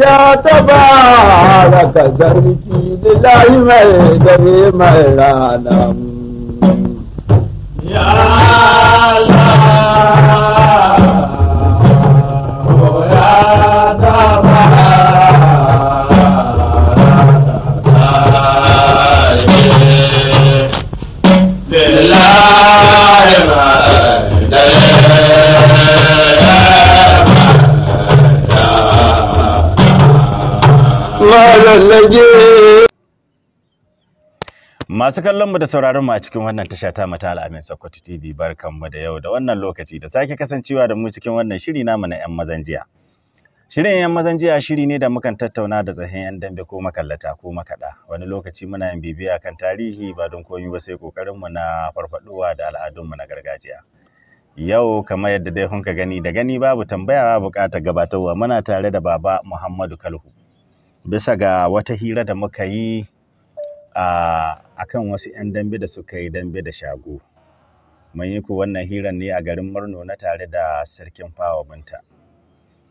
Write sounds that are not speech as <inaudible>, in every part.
ya taba ka zarki lillahi mai dare mai rana. Ya Allah. Masu kallon mu da sauraron mu a cikin wannan tasha ta mata al'amin Sokoto TV barkanmu da yau da wannan lokaci da sake kasancewa da mu cikin wannan shiri namu na 'yan mazan jiya. Shirin 'yan mazan jiya shiri ne da mukan tattauna da zahin ƴan dambe ko makallata ko makaɗa. Wani lokaci muna yin bibiya kan tarihi ba don koyi ba sai kokarin mu na farfaɗowa da al'adun mu na gargajiya. Yau kamar yadda dai kun ka gani da gani babu tambaya babu buƙatar gabatarwa muna tare da Baba Muhammadu Kalhu. bisa ga wata hira da muka yi a kan wasu 'yan dambe da suka yi dambe da shago mun yi ku wannan hirar ne a garin murno na tare da sarkin fawa binta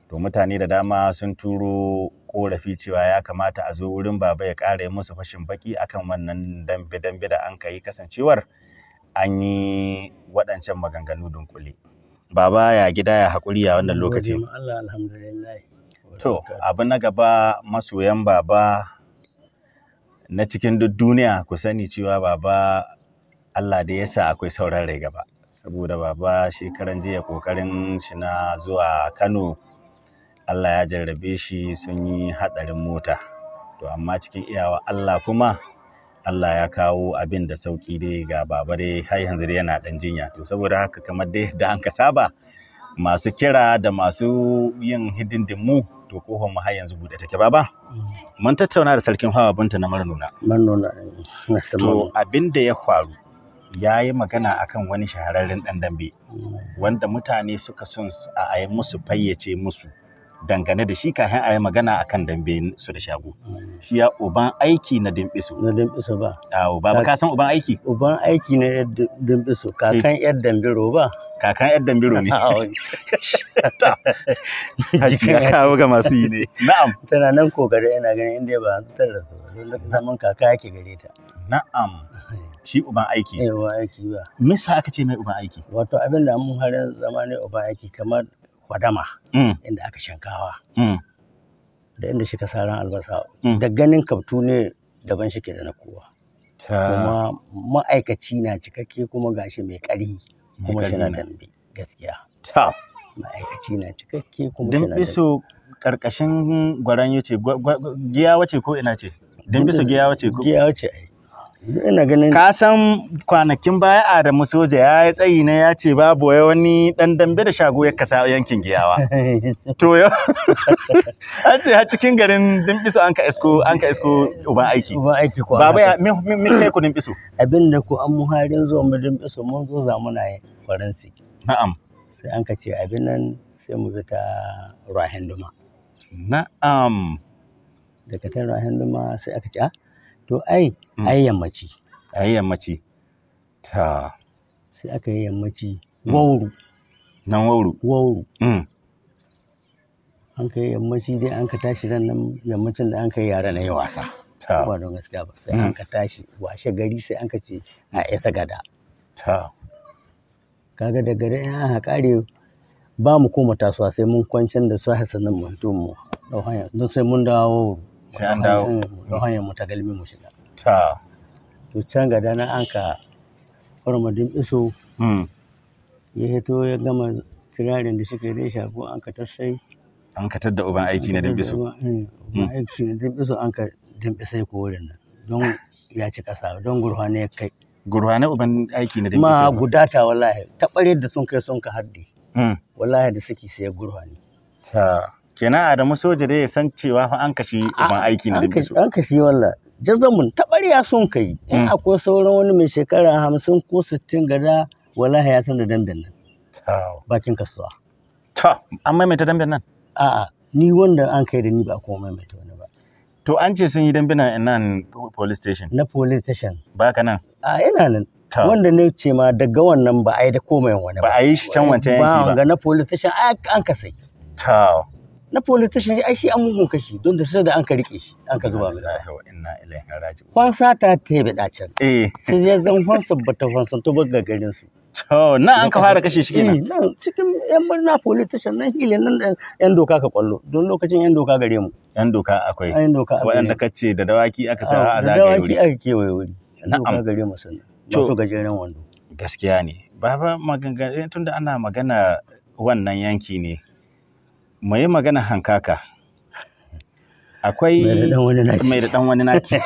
to mutane da dama sun turo korafi cewa ya kamata a zo wurin baba ya ƙara musu fashin baki akan wannan dambe-dambe da an kai kasancewar an yi waɗancan maganganu dunkule baba ya gida ya haƙuri a wannan lokaci Allah To, abu na gaba masoyan baba na cikin duk duniya ku sani cewa baba Allah da ya sa akwai sauran rai gaba. Saboda baba shekaran jiya kokarin shi na zuwa Kano Allah ya jarrabe shi sun yi hatsarin mota. To, amma cikin iyawa Allah kuma Allah ya kawo abin da sauƙi dai ga baba dai har yanzu dai yana ɗan jinya to saboda haka kamar dai da an ka saba masu kira da masu yin hidindimu to kohon mu har yanzu bude take baba mm. mun tattauna da sarkin hawa binta na marnuna marnuna eh, to abin da ya faru ya yi magana akan wani shahararren dan dambe mm. wanda mutane suka son a yi musu fayyace musu dangane da shi kafin a yi magana a kan dambe su da shago. Shi ya uban aiki na dimbisu. Na dimbisu ba. Awo, ba ka san uban aiki? Uban aiki na dimbisu, kakan eh. yar dambiro ba. Kakan yar dambiro ne. <laughs> Hakika kawo ga masu yi ne. Na'am. Tana nan kokari yana ganin inda ba da rasu. Zaman kaka yake gare ta. Na'am. shi uban aiki. Eh, uban aiki ba. Me sa aka ce mai uban aiki? Wato abin da mun har zama ne uban aiki kamar kwadama mm. inda aka shankawa mm. da inda shi ka saran albasa mm. da ganin kaftu ne daban shi ke da na kowa kuma ma'aikaci na cikakke kuma gashi mai kari kuma shi na dambe gaskiya Ta... ma'aikaci na cikakke kuma shi na dambe karkashin gwaran yace giya wace ko ina ce dambe su giya wace ko giya wace ai ina ganin ka san kwanakin baya Adamu soja ya yi tsayi ne ya ce babu wai wani dan dambe da shago ya kasa yankin giyawa <laughs> to yo, <laughs> an ce har cikin garin dimbisu an ka isko an ka isko uban aiki uban aiki ko baba ya me kai ku dimbisu <clears throat> abin da ku an muharin zuwa mu dimbisu mun zo muna yi faransi na'am sai an ka ce abin nan sai mu bi rahenduma na'am daga ta rahenduma sai aka ce ah to ai hmm. ai yammaci ai yammaci ta sai aka yi yammaci wauru hmm. nan wauru wauru hmm. an kai yammaci dai an ka tashi ran nan yammacin da an kai yara na yi wasa ba don gaskiya ba sai an ka tashi washe gari sai an ka ce a isa gada kaga da gari an kare ba mu koma tasowa sai mun kwancin da su hasanin mutum mu don sai mun dawo sai an dawo don hanyar mu ta galmi mu shiga ta to can ga dana an ka farmadin iso hmm. ya hito ya gama kirarin da suka yi dai an ka tassai an ka tadda uban aiki na dimbiso uban aiki na dimbiso hmm. an ka dimbisai ko wurin nan don ya ci kasa don gurhane ya kai gurhane uban aiki na dimbiso ma gudata wallahi taɓarar da sun kai sun ka haddi hmm. wallahi da suke sai gurhane ta kenan Adamu soja dai ya san cewa fa an kashi ban aiki na dabiso an kashi walla jazamun tabariya sun kai in mm. akwai sauran wani mai shekara hamsin ko sittin gada wallahi ya san da dandan nan bakin kasuwa ta an maimaita damben nan a'a ni wanda an kai da ni ba kuma maimaita wani ba to an ce sun yi damben nan nan police station na police station baka nan a ina nan wanda ne ce ma daga wannan ba a yi da komai wani ba ba a yi shi can wancan yanki ba ba ga na police station an kasai ta na politician ai shi an mugun kashi don da sai da an ka rike shi an ka zuba mai inna ilaihi raji'un fansa ta ta bi dacen eh sai ya zan fansa bata fansa to ba garin su to na an ka fara kashe shi kenan eh, nan cikin yan murna politician nan hile nan yan doka ka kwallo don lokacin yan doka gare mu yan doka akwai yan doka akwai waɗanda kace da dawaki aka sa a zagaye wuri da dawaki aka kewaye wuri na'am gare mu sannan to gajeren wando gaskiya ne baba magana eh, tunda ana magana wannan yanki ne mu yi magana hankaka akwai mai da dan wani naki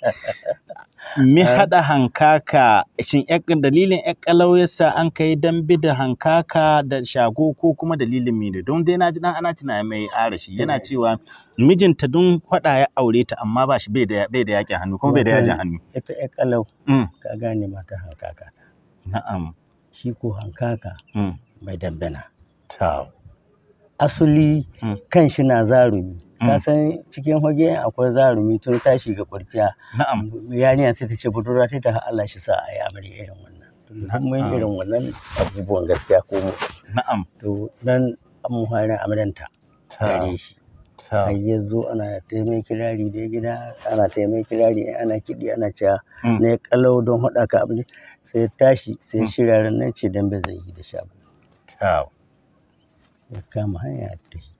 <laughs> mi ah. haɗa hankaka shin dalilin yan kalau yasa an kai dambe da hankaka da shago ko kuma dalilin mi ne don dai na ji dan ana tuna mai arashi yana eh. cewa mijinta don kwada ya aure ta amma ba shi bai da yaƙin hannu kuma bai da yajin hannu ita yan kalau mm. ka gane mata hankaka na'am shi ko hankaka mm. mai dambana ta asali hmm. kan shi na zarumi hmm. ka san cikin hage akwai zarumi tun tashi ga kurciya na'am yarinya sai ta ce budurwa ta ta Allah shi sa ayi amarya irin wannan mun irin wannan abubuwan gaskiya ko na'am to dan an fara amaranta tare shi ta. ya zo ana taimai kirari da gida ana taimai kirari ana kiɗi ana cewa hmm. na kalau don hada ka abin sai tashi sai shiraren nan ce dan bai zai yi da shabu ya kama hanya ya tafi.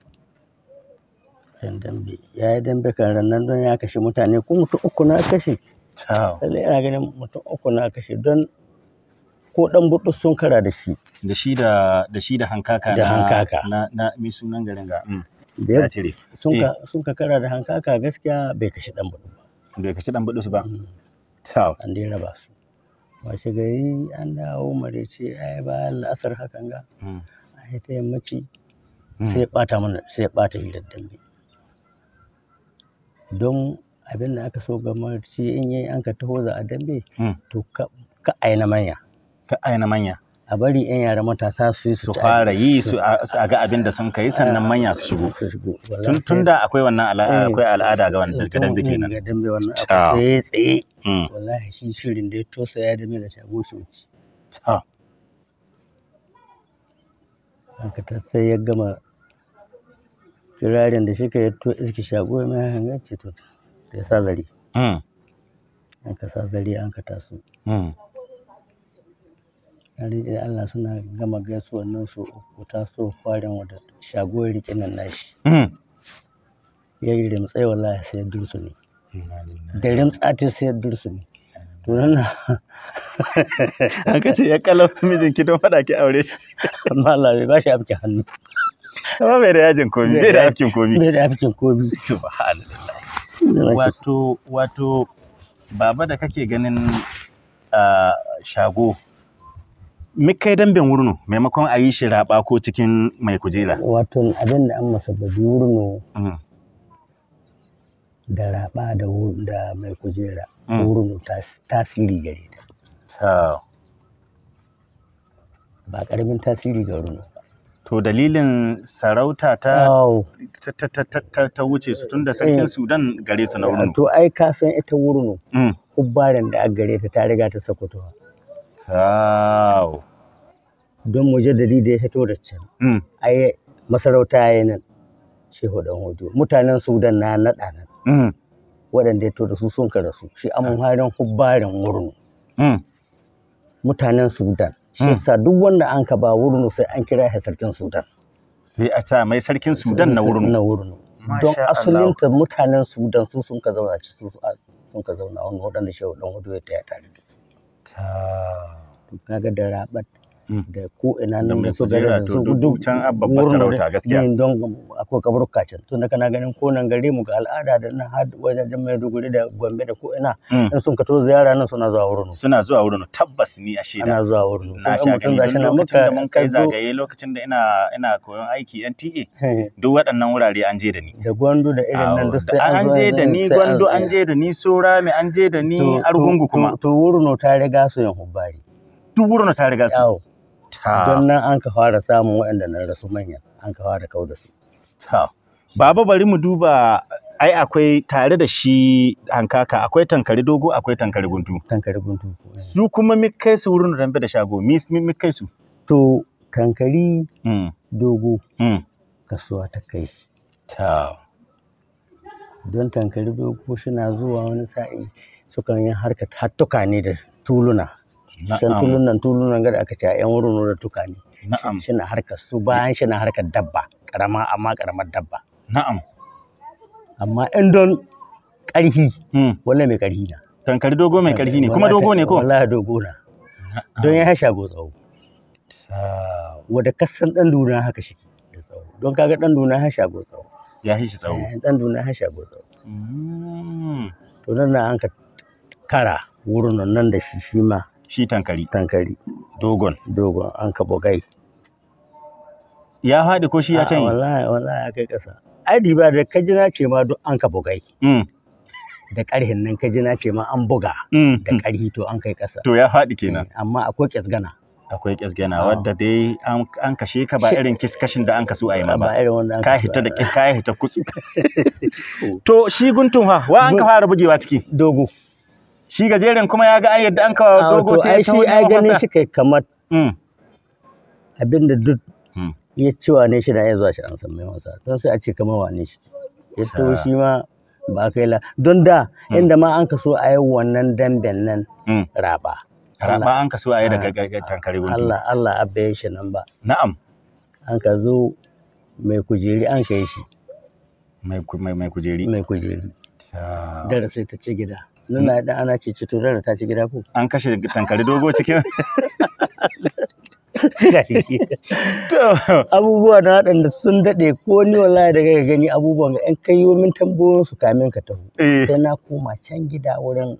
dan dambe, ya yi dambe kan rannan don ya kashe mutane ko mutum uku na kashe. Lallai ina ganin mutum uku na kashe don ko dan budu sun kara da shi. Da shi da da shi da hankaka da hankaka na na mi sunan garin ga. Mm. Da ya cire. Sun ka eh. sun ka kara da hankaka gaskiya bai kashe dan budu ba. Bai kashe dan budu su ba. Mm. Tau. An dai raba su. Washe gari an dawo mare ce ai bayan la'asar hakan ga. Mm. Ai ta yammaci. sai ya ɓata mana sai ya ɓata hirar dambe don abin da aka so shi in yayi an ka taho za a dambe hmm. to ka aina manya ka aina manya a bari yan yara matasa su yi su fara yi su a ga abin da sun kai ah, sannan manya su shigo tun tun da akwai wannan eh, akwai al'ada ga wannan ga dambe kenan ga dambe wannan tsaye tsaye hmm. wallahi shi shirin da ya tosa ya dambe da shago shi wuce ka ta sai ya gama kirarin da suka yato iski shago mai hanga ce to ya sa zari hmm. an ka sa zari an ka taso yari hmm. da Allah suna gama gaisu wannan so uku taso farin wadda shago ya rike nan nashi hmm. ya yi rimtsai wallahi sai dursu ne da rimtsa ta sai dursu ne to nan <laughs> an kace ya kalau mijinki don faɗa ki aure <laughs> amma Allah bai ba shi abki hannu Amma bai da yajin komi, bai da aikin komi. Bai da aikin komi. Subhanallah. Wato wato baba da kake ganin uh, shago mikai dambin wurno maimakon a yi shi raba ko cikin mai kujera. Wato abin da an masabbabi wurno mm. da raba da mai kujera mm. wurno tasiri gare ta. Ba ƙaramin tasiri ga wurno. to dalilin sarauta ta ta wuce su tun da sarkin eh. sudan gare su na wurin to ai ka san ita wurin mm. Hubbarin da aka gare ta ta riga ta sakutuwa tau don mujaddadi da ya fito da can mm. ai masarauta yayin nan shehu dan hudu. mutanen sudan na naɗa nan mm. waɗanda ya da su sun karasu shi amun ah. harin hubbarin wurin mutanen sudan shi hmm. duk wanda an ka ba wurin sai an kira shi sarkin Sudan sai a ta mai sarkin Sudan na wurin na wurin don asalinta mutanen Sudan su sun ka zauna ci su sun ka zauna wani waɗanda shehu dan wado ta taya tare da su ta kaga da rabat Mm. da ko ina nan da su gare su duk can abba sarauta gaskiya ne mm, don akwai kaburuka can tun kana ganin ko nan gare mu ga al'ada da nan har wajen Maiduguri da Gombe da ko ina mm. in sun kato ziyara nan suna zuwa wurin suna zuwa wurin tabbas ni a shaida ana zuwa wurin na sha na lokacin da mun kai zagaye lokacin da ina ina koyon aiki NTA <laughs> duk waɗannan wurare an je da ni da gwandu da irin nan duk sai an je da ni gwandu an je da ni sora mai an je da ni argungu kuma to wurin ta riga su yin hubbari duk wurin ta riga su don nan an ka fara samun waɗanda na rasu manya an ka fara kau da su baba bari mu duba ai akwai tare da shi hankaka akwai tankari dogo akwai tankari guntu tankari guntu eh. su kuma mi kai su wurin rambe da shago mi mi kai su to tankari hmm. dogo hmm. kasuwa ta kai ta don tankari dogo suna zuwa wani sa'i sukan yi harkar hattuka ne da tuluna san tulun nan gada aka ce yan wurin da tuka ne na'am na harkar su bayan na harkar dabba karama amma karamar dabba na'am amma in don karhi hmm. wallahi mai karhi na tankari dogo mai karhi ne kuma dogo ne ko wallahi dogo na don ya shago tsawo wanda kasan dan duna haka shi don kaga dan duna ya shago tsawo ya hishi tsawo dan eh, duna ya go tsawo hmm. to nan na an ka kara wurin nan da shi shi ma shi tankari tankari dogon dogon an ka bugai ya haɗi ko shi ya canyi wallahi wallahi ya kai ƙasa adi ba da kajina ce ma duk an ka bugai mm. da ƙarhin nan kajina ce ma an buga mm, da mm. ƙarhi to an kai ƙasa to ya haɗi kenan eh, amma akwai ƙyasgana akwai ƙyasgana ah. wadda dai an kashe ka ba irin kiskashin da an kasu a yi ma ba ka hita da ka hita kutsu <laughs> to shi guntun ha wa an ka fara bugewa ciki dogo shi gajeren kuma ya ga an yadda an kawo dogo sai ya tawo ai gani shi kai kamar hmm. abinda duk hmm. ya ci wane shi na ya zuwa shi an san mai wasa don sai a ce kamar wane shi ya tawo shi ma ba kai la don da hmm. inda ma an kaso a yi wannan damben nan raba raba an kaso a yi daga ah, tankare guntu Allah Allah ya shi nan ba na'am an ka zo mai kujeri an kai shi mai kujeri mai kujeri dara sai ta ci gida nuna ya ana ce ci to ta ci gida ko. An kashe tankari dogo cikin. <laughs> abubuwa na waɗanda sun daɗe ko ni wallahi da ka gani abubuwan 'Yan kai yi min tambayoyin su kamin ka taho eh. sai na koma can gida wurin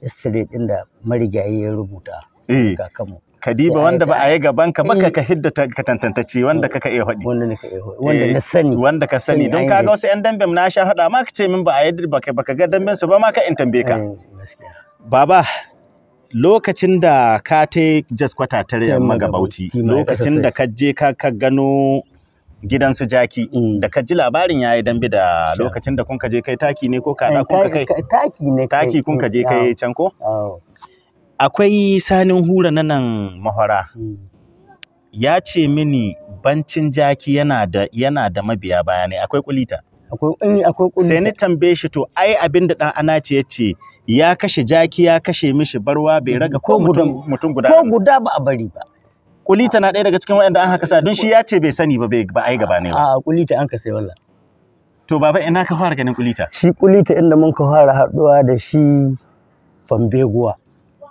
istire ɗin da marigayi ya rubuta eh. kakanmu kadiba wanda ba a yi gaban ka ba ka mm. hidda ka tantantace wanda ka iya faɗi wanda na eh, sani wanda ka sani don ga wasu yan dambe na sha faɗa ma ka ce min ba a yi ba ka ga damben su ba ma ka in tambaye ka baba lokacin da ka ta jas kwata ta magabauci lokacin da ka je ka gano gidan su jaki mm. da ka ji labarin yayi dambe da lokacin da kun ka je kai taki ne ko kada kun ka kai taki ne taki kun ka je kai ah. can ko akwai sanin hura na nan mahora. Hmm. ya ce mini bancin jaki yana da yana da mabiya bayanai akwai kulita akwai eh, akwai kulita sai ni tambaye shi to ai abin da dan ce yace ya kashe jaki ya kashe mishi barwa bai raga ko mutum mutum guda ko guda ba a bari ba kulita na ɗaya daga cikin waɗanda an haka sa don shi ya ce bai sani ba bai ba ai gaba ne ba a kulita an ka sai to baba ina ka fara ganin kulita shi kulita inda mun ka fara haduwa da shi fambeguwa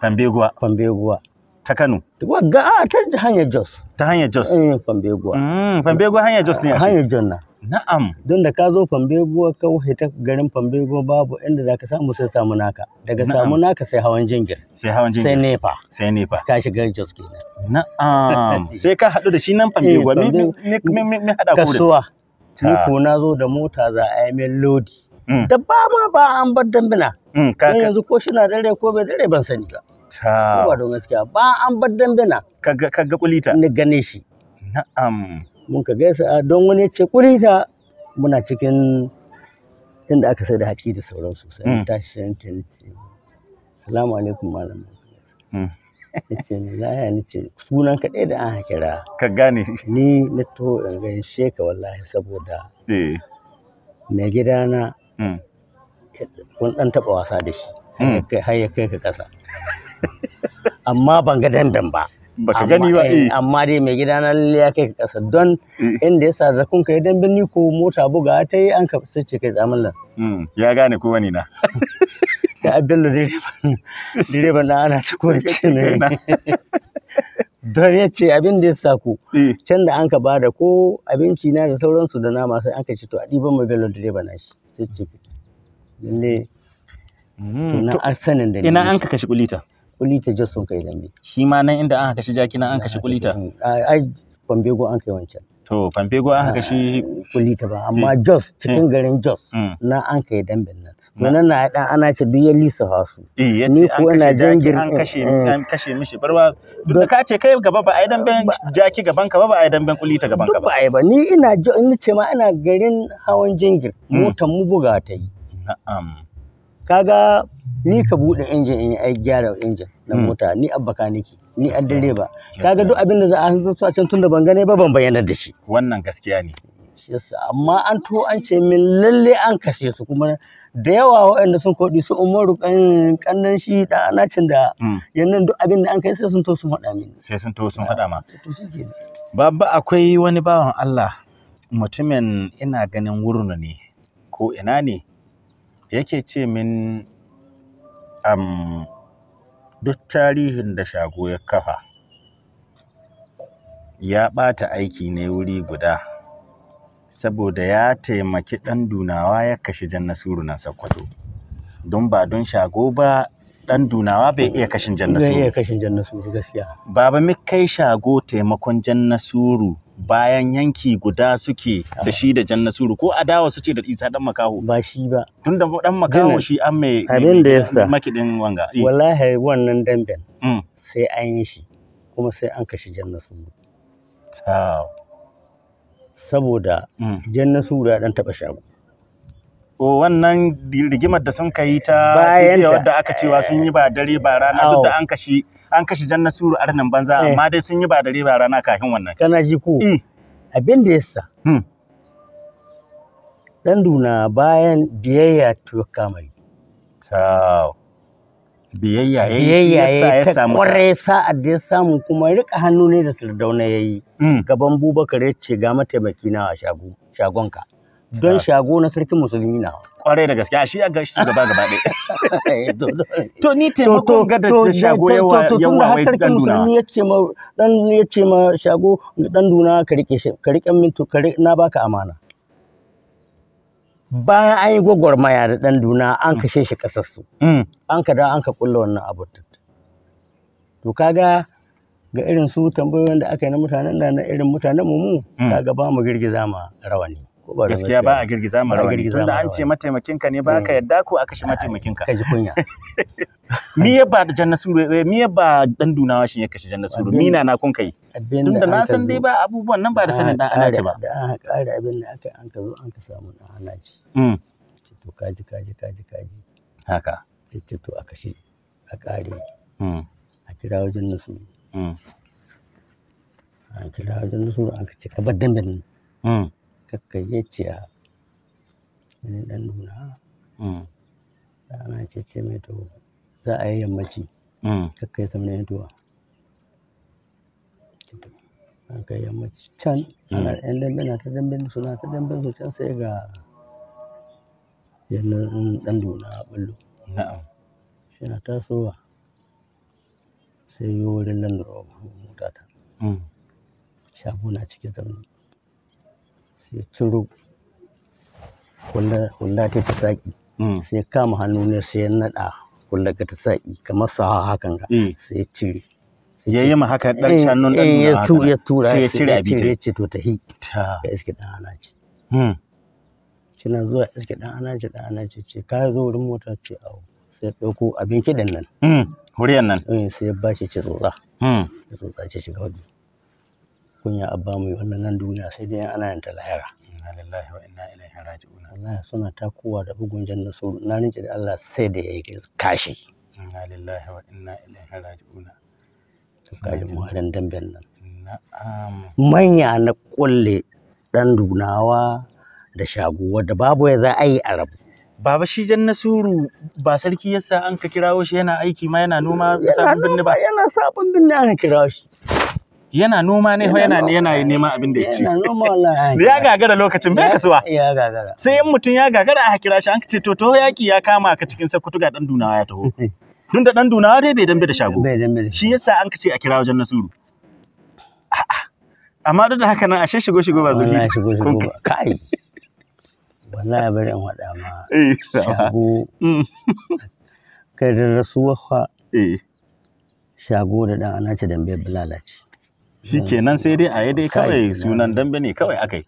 Fambeguwa. Fambeguwa. Ta Kano. Ga a ta hanyar Jos. Ta hanyar Jos. Eh Fambeguwa. Mm Fambeguwa hanyar Jos ne a Hanyar Jos na. Na'am. Don da ka zo Fambeguwa ka ta garin Fambeguwa babu inda za ka samu sai samu naka. Daga samu naka sai hawan jingir. Sai hawan jingir. Sai nefa. Sai nefa. Ka shiga Jos kenan. Na'am. <laughs> Sai ka haɗu da shi nan Fambeguwa. Eh, me haɗa ku da. Kasuwa. Ni ko na zo da mota za a yi min lodi. Mm. da ba ma ba an bar dambina. Mm, ka yanzu ko shi na dare ko bai dare ban sani ba. ta ba don gaskiya ba an bar dambe na kaga kaga kulita ni gane shi na'am mun ka gaisa don wani ce kulita muna cikin inda aka sai da haci da sauran sosai. sauransu sai mm. ta tinti salamu alaikum malam nace mm. ni laya nace sunan ka da an kira ka gane ni na to in gaishe ka wallahi saboda eh. mai gidana kun mm. dan taba wasa da shi har ya kai ka kasa amma ban ga dandan ba baka gani ba eh, eh amma dai mai gida na lalle ya kai kasa don mm. inda ya sa kun kai dan ni ko mota buga ta yi an ka sace kai tsamin mm, ya gane ko wani na da abdullu direban na ana ta kore ne <laughs> don ya ce abin da ya sa ku eh. can da an ka bada ko abinci na da sauransu da nama sai an ka ce to a ɗiban mai bello direban na shi sai ce lalle mm, ina an ka kashi kulita kulita jos sun kai dambe shi ma nan inda an kashi jaki nan an kashi kulita ai fambego an kai wancan to fambego an kashi ah, kulita ba amma jos cikin hmm. garin jos hmm. na an kai dambin nan nan na dan ana ce duk ya lisa hasu eh, ni ko ina jangir an kashe eh, eh. an kashe mishi barwa duk ka ce kai gaba ba ai damben jaki gaban ka ba ba ai damben kulita gaban ka ba ai ba ni ina in ce ma ina garin hawan jingir hmm. motan mu buga ta yi na'am kaga ni ka buɗe injin in ai gyara injin na hmm. mota ni abba ka ni a direba kaga duk abin da za a su a can tunda ban gane ba ban bayyana da shi wannan gaskiya ne amma an to an ce min lalle an kashe su kuma da yawa waɗanda sun koɗi su umaru kannan shi da anacin da hmm. yannan duk abin da an kai sai sun to sun haɗa min sai sun to sun haɗa ma babba akwai wani bawan Allah mutumin ina ganin wurnu ne ko ina ne yake ce min um, duk tarihin da Shago ya kafa ya ɓata aiki ne wuri guda saboda ya taimaki ɗan dunawa ya kashe jan Nasiru na Sokoto don ba don Shago ba ɗan dunawa bai iya kashin jan Nasiru. Bai iya kashin jan gaskiya. Baba mi kai Shago taimakon jan Nasiru bayan yanki guda suke da shi da Jan Nasiru ko adawa su ce da Isa dan makaho ba shi ba tun da dan makaho shi an mai abin da yasa makidin wanga eh. wallahi wannan damben mm. sai an yi shi kuma sai an kashi Jan Nasiru saboda mm. Jan Nasiru ya dan taba shago wannan rigimar da sun kai ta bayan wadda aka cewa sun yi ba dare ba rana duk da an kashi an kashi jan nasuru a banza eh. amma dai sun yi ba dare ba rana kafin wannan kana ji ko eh. abin da yasa dan hmm. duna bayan biyayya to kamai ta biyayya yayi yasa ya samu kwarai sa'ad da ya samu kuma rika hannu ne da sardauna yayi hmm. gaban bubakar ya ce ga mataimaki na shagonka don shago na sarkin musulmi na kwarai da gaske a shi ga shi gaba gaba ɗaya <laughs> eh, to ni taimakon ga da shago yawa yawa wai dan duna ya ce ma dan ya ce ma shago dan duna ka rike shi ka rike min to na baka amana bayan an yi gwagwarmaya da dan duna an mm. kashe shi kasarsu mm. an ka da an ka kulla wannan abu to kaga ga irin su tambayoyin da aka yi na mutanen da na irin mutanen mu mu mm. kaga ba mu girgiza ma rawani gaskiya ba a girgiza mu tun da an ce mataimakin ka ne ba ka eh. yadda ko aka shi mataimakin ka kaji kunya mi ya ba da janna suru eh, mi ya ba dan dunawa shi ya kashi janna suru mina na kun kai tun da na san dai ba abubuwan nan ba da sanin dan anaci ba da ƙara abin da aka an ka zo an ka samu dan anaci mm to kaji kaji kaji kaji haka ce to a kashe a ƙare mm a kira wajen nasu mm a kira wajen nasu an ka ce ka bar dandamin mm kakkagejiya wani ɗan nuna da mm. ana ce mai to za a yi yammaci mm. kakkai samuna ya Aka an yammaci can mm. ana yan dambe na ta dambe suna ta dambe su can sai ga Yannan ɗan nuna a ɓullo shi na tasowa sai yi wurin landrover mota ta shago na cikin zaune sai turu hulla ta ta saƙi mm. sai kama hannu ne sai naɗa hulla ta saƙi kamar sa hakan ga mm. sai cire ya yi ma haka ɗan shannun ɗan eh, eh, nuna ya tura sai ya cire abita ya ce to ta hi ga iske ɗan anaci hmm. kina zuwa iske ɗan anaci ɗan anaci ce ka zo wurin mota ce awo sai ɗauko abin kiɗan nan hmm. huriyar nan eh, sai ya bashi ce tsotsa hmm. ya tsotsa ce shiga wajen kunya a ba mu wannan nan duniya sai dai ana yin ta lahira inna lillahi wa inna ilaihi raji'un Allah ya suna takowa da bugun jannar su na rinci da Allah sai da ya yi kashi inna lillahi wa inna ilaihi raji'un to kaji muharin damben nan manya na kulle dan dunawa da shaguwa da babu ya za a yi a rabu Baba shi jan Nasuru ba sarki yasa an ka kirawo shi yana aiki ma yana noma sabon binni ba. Yana sabon binni an kirawo shi. yana noma ne yana yana neman abin da ya ci ya gagara lokacin bai kasuwa ya gagara sai in mutum ya gagara aka kira shi an ce to to yaki ya kama ka cikin sakutu ga dan dunawa ya taho <laughs> tun da dan dunawa dai bai dambe da shago shi yasa an ce a kira wajen nasuru amma duk da haka nan ashe shigo shigo ba zuri kai wallahi bari in wada ma <laughs> eh, shago mm. kai da rasuwa fa eh. shago da dan anace dambe bilalaci shi eh. kenan sai dai a yi dai kawai sunan dambe ne kawai yi.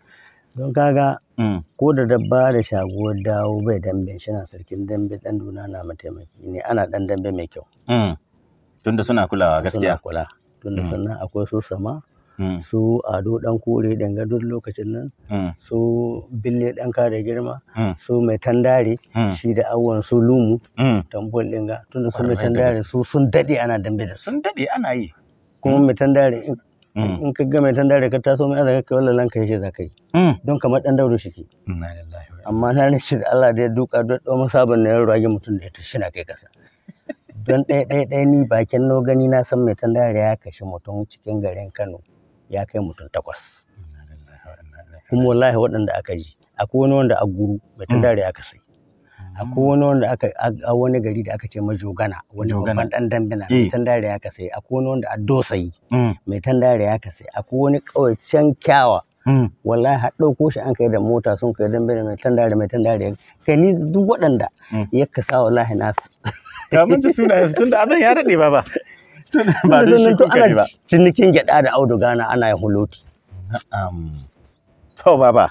don kaga mm. ko da dabba da shaguwar dawo bai dambe shi na sarkin dambe dan duna na mataimaki ne ana dan dambe mai kyau mm. tunda suna kulawa gaskiya kula tunda mm. sannan akwai su sama su ado dan kore danga duk lokacin nan su bille dan kare girma su mai tandare shi da awon su lumu tambol dinga da su mai tandare su sun dade ana dambe da sun dade ana yi kuma mai tandare Mm. in ka ga ta da ka taso mai azaka ka wallahi ka yace zakai mm. don kamar dan dauro shi inna amma na race da Allah da ya duka don dawo masaban na rage mutum da ya tashi na kai kasa <laughs> don ɗaya ɗaya ɗaya ni bakin no gani na san mai tan ya kashe mutum cikin garin Kano ya kai mutum takwas kuma wallahi waɗanda aka ji akwai wani wanda a guru mai tan mm. ya kasai akwai hmm. wani wanda aka a wani gari da aka ce majogana wani babban dan dambe na eh. mai tandare ya kasai akwai wani wanda a dosayi hmm. mai tandare ya kasai akwai wani kawaicen kyawa hmm. wallahi har dauko shi an kai da mota sun kai dambe da mai tandare mai tandare kai ni duk waɗanda ya kasa wallahi nasu kamun ci sunayen su tunda abin ya daɗe ba ba ba don shi kuka ba cinikin gyaɗa da audugana ana yin huloti to baba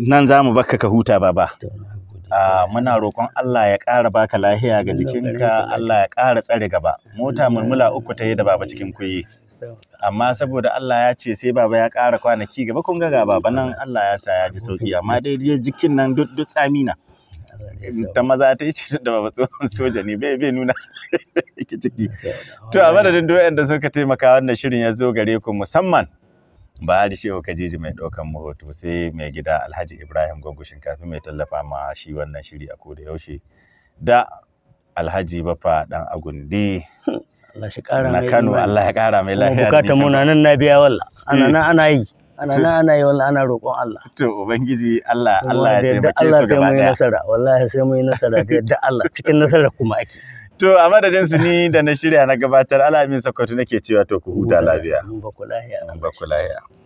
nan za mu baka ka huta baba Ah, muna roƙon Allah ya ƙara baka lahiya ga jikinka Allah ya ƙara tsare gaba mota murmula uku ta yi da baba cikin kuyi amma saboda Allah ya ce sai baba ya ƙara kwanaki gaba kun ga baba nan Allah ya sa ya ji sauki amma dai jikin nan duk duk tsamina ta maza ta yi ce da baba tsohon soja ne bai bai nuna <laughs> yake ciki to a madadin doyen da suka taimaka wannan shirin ya zo gare ku musamman da shehu kajiji mai ɗaukan mu hoto sai mai gida alhaji ibrahim gwaggo shinkafi mai tallafa ma shi wannan shiri a koda yaushe da alhaji bafa dan agundi na kano allah ya kara mai lafiya bukata mu nan na biya walla ana nan ana yi ana nan ana yi walla ana roƙon allah to ubangiji allah allah ya taimake su gaba daya Allah sai mu yi nasara wallahi sai mu yi nasara da yadda allah cikin nasara kuma ake To a madadin su ni da na shirya na gabatar alamin sakwato nake cewa to ku huta lafiya. Mun ba ku lafiya. Mun ba ku lafiya.